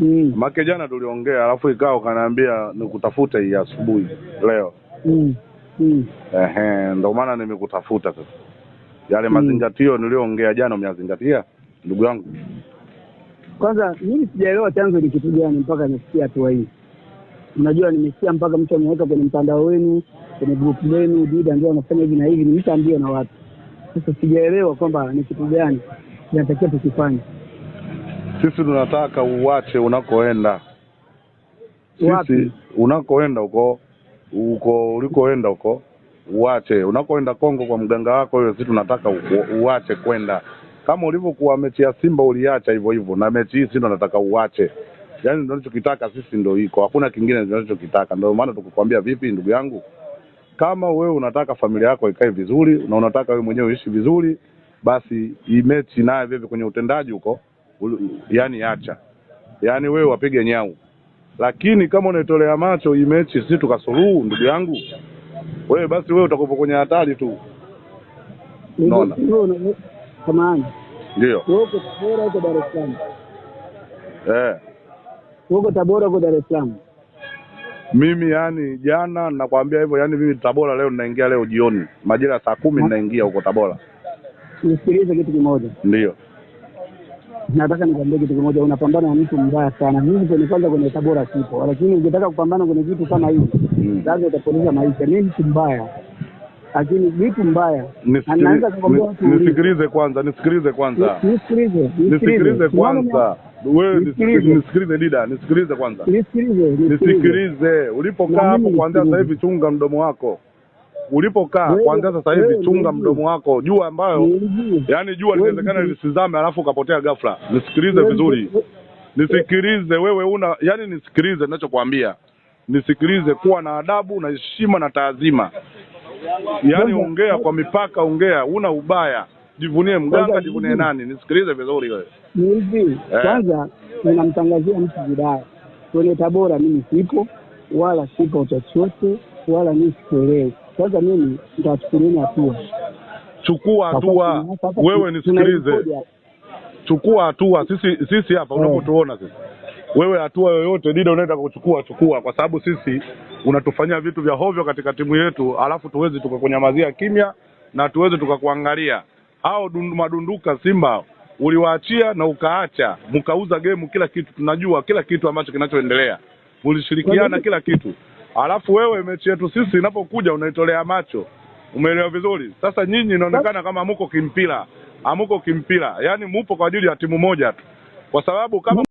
mm. Make jana tuliongea, alafu ikawa ukaniambia nikutafute hii asubuhi leo mm. Mm. Ehe, ndo maana nimekutafuta sasa. Yale mm. mazingatio niliyoongea jana umeyazingatia ndugu yangu? Kwanza mimi sijaelewa chanzo ni kitu gani mpaka nasikia hatua hii. Unajua, nimesikia mpaka mtu ameweka kwenye mtandao wenu, kwenye grupu lenu, Duda ndio anafanya hivi na hivi, nimeshaambiwa na watu. Sasa sijaelewa kwamba ni kitu gani kinatakiwa tukifanya. Sisi tunataka uwache unakoenda, sisi unakoenda huko uko ulikoenda huko uwache, unakoenda Kongo kwa mganga wako hiyo, sisi tunataka uwache kwenda kama ulivyokuwa mechi ya Simba uliacha hivyo hivyo, na mechi hii sisi tunataka uache. Yaani tunachokitaka sisi ndio iko, hakuna kingine tunachokitaka. Ndio maana tukukwambia, vipi ndugu yangu, kama wewe unataka familia yako ikae vizuri na unataka wewe mwenyewe uishi vizuri, basi hii mechi naye vipi kwenye utendaji huko yani acha, yani wewe wapige nyau. Lakini kama unaitolea macho hii mechi sisi tukasuluhu, ndugu yangu wewe, basi wewe utakuwa kwenye hatari tu, unaona? Ndio eh, wewe Tabora, uko Dar es Salaam. Mimi yani jana nakwambia hivyo, yani mimi Tabora leo ninaingia, leo jioni majira ya saa kumi ninaingia huko Tabora. Nisikilize kitu kimoja, ndio nataka nikwambie kitu kimoja, unapambana na mtu mbaya sana. Mimi kwenye kwanza kwenye Tabora sipo, lakini ukitaka kupambana kwenye vitu kama hivi mm. lazima utapoteza maisha. ni mtu mbaya, lakini vitu mbaya, nisikilize kwanza, nisikilize kwanza, nisikilize, nisikilize kwanza wewe nisikilize, Dida, nisikilize kwanza, nisikilize ulipokaa hapo kuanzia sasa hivi, chunga mdomo wako ulipokaa kuanzia sasa hivi, chunga mdomo wako, jua ambayo yaani jua linawezekana lisizame alafu ukapotea ghafla. Nisikilize vizuri, nisikilize wewe, una yani nisikilize ninachokwambia, nisikilize, kuwa na adabu na heshima na taazima, yani ongea kwa mipaka, ongea, una ubaya Jivunie mganga, jivunie nani? Nisikilize vizuri wewe. hivi eh. kwanza, unamtangazia mtu vibaya. Kwenye Tabora mimi sipo wala sipo chochote wala mi sasa mimi nitachukulieni hatua. Chukua hatua wewe, nisikilize, chukua hatua. Sisi sisi hapa yeah, unapotuona sisi wewe hatua yoyote Dida unaenda kuchukua chukua, kwa sababu sisi unatufanyia vitu vya hovyo katika timu yetu, alafu tuwezi tukakunyamazia kimya na tuwezi tukakuangalia. Hao madunduka Simba uliwaachia na ukaacha, mkauza gemu, kila kitu tunajua, kila kitu ambacho kinachoendelea, mlishirikiana kila kitu alafu wewe mechi yetu sisi inapokuja unaitolea macho, umeelewa vizuri? Sasa nyinyi inaonekana kama muko kimpira, amuko kimpira, yaani mupo kwa ajili ya timu moja tu, kwa sababu kama